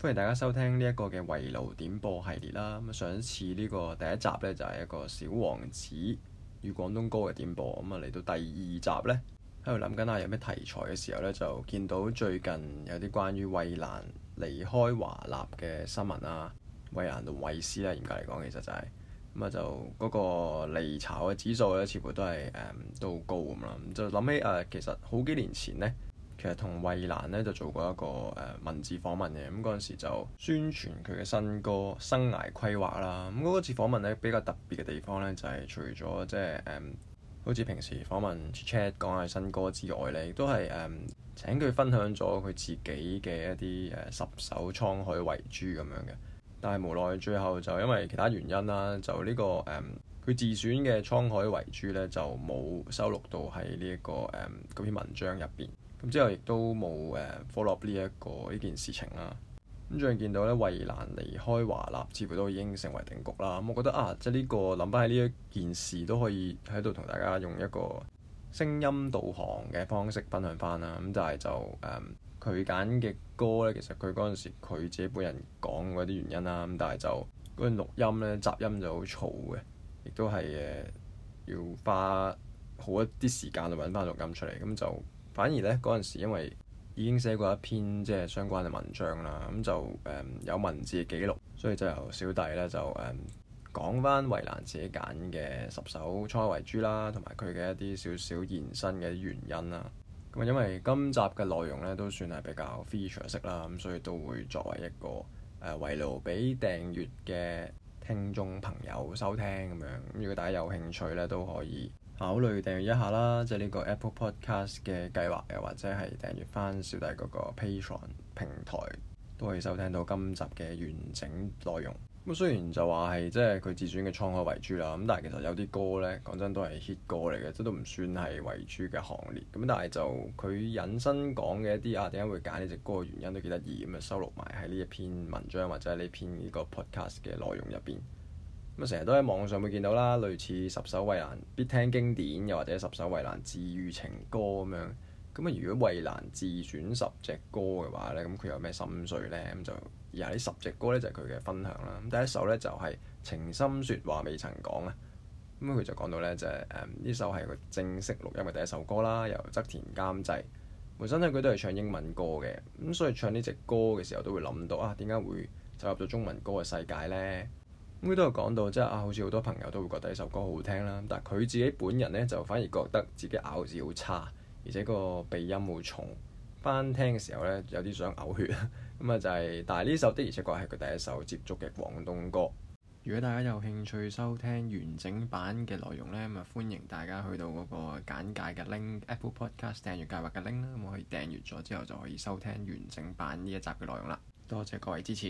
歡迎大家收聽呢一個嘅圍爐點播系列啦。咁啊，上一次呢個第一集呢，就係、是、一個小王子與廣東歌嘅點播。咁、嗯、啊，嚟到第二集呢，喺度諗緊下有咩題材嘅時候呢，就見到最近有啲關於衛蘭離開華納嘅新聞啊。衛蘭同衛斯咧、啊，嚴格嚟講其實就係咁啊，就嗰、那個離巢嘅指數呢，似乎都係誒、嗯、都高咁啦。就諗起誒、啊，其實好幾年前呢。其實同衛蘭咧就做過一個誒、呃、文字訪問嘅，咁嗰陣時就宣傳佢嘅新歌生涯規劃啦。咁、那、嗰、個、次訪問咧比較特別嘅地方咧就係、是、除咗即係誒、嗯，好似平時訪問 chat 講下新歌之外咧，亦都係誒、嗯、請佢分享咗佢自己嘅一啲誒、呃、十首《滄海遺珠》咁樣嘅。但係無奈最後就因為其他原因啦，就呢、這個誒佢、嗯、自選嘅《滄海遺珠》咧就冇收錄到喺呢一個誒、嗯、篇文章入邊。咁之後亦都冇誒 follow up 呢一個呢件事情啦。咁最近見到咧，衛蘭離開華納，似乎都已經成為定局啦。咁、嗯、我覺得啊，即係、這、呢個諗翻喺呢一件事，都可以喺度同大家用一個聲音導航嘅方式分享翻啦。咁但係就誒佢揀嘅歌咧，其實佢嗰陣時佢自己本人講過啲原因啦。咁但係就嗰段、那個、錄音咧，雜音就好嘈嘅，亦都係誒、呃、要花好一啲時間去揾翻錄音出嚟咁就。反而呢，嗰陣時，因為已經寫過一篇即係相關嘅文章啦，咁就誒、嗯、有文字記錄，所以就由小弟呢，就誒、嗯、講翻衛蘭自己揀嘅十首心水遺珠啦，同埋佢嘅一啲少少延伸嘅原因啦。咁啊，因為今集嘅內容呢，都算係比較 feature 式啦，咁所以都會作為一個誒遺留俾訂閲嘅聽眾朋友收聽咁樣。咁如果大家有興趣呢，都可以，考慮訂閱一下啦，即係呢個 Apple Podcast 嘅計劃，又或者係訂閱返小弟嗰個 Patreon 平台，都可以收聽到今集嘅完整內容。咁雖然就話係即係佢自選嘅創作為主啦，咁但係其實有啲歌咧，講真都係 hit 歌嚟嘅，即都唔算係為主嘅行列。咁但係就佢引申講嘅一啲啊，點解會揀呢隻歌嘅原因都幾得意咁啊，收錄埋喺呢一篇文章或者係呢篇呢個 podcast 嘅內容入邊。咁成日都喺網上會見到啦，類似十首衞蘭必聽經典，又或者十首衞蘭自愈情歌咁樣。咁啊，如果衞蘭自選十隻歌嘅話咧，咁佢有咩心水咧？咁就而家呢十隻歌咧，就係佢嘅分享啦。咁第一首咧就係、是《情深説話未曾講》啦。咁佢就講到咧、就是，就係誒呢首係佢正式錄音嘅第一首歌啦，由側田監製。本身咧佢都係唱英文歌嘅，咁所以唱呢隻歌嘅時候都會諗到啊，點解會走入咗中文歌嘅世界咧？咁都有講到，即係啊，好似好多朋友都會覺得呢首歌好好聽啦。但係佢自己本人呢就反而覺得自己咬字好差，而且個鼻音好重。翻聽嘅時候呢，有啲想嘔血。咁啊，就係，但係呢首的而且確係佢第一首接觸嘅廣東歌。如果大家有興趣收聽完整版嘅內容呢，咁啊歡迎大家去到嗰個簡介嘅 link，Apple Podcast 訂閱計劃嘅 link 啦，我可以訂閱咗之後就可以收聽完整版呢一集嘅內容啦。多謝各位支持。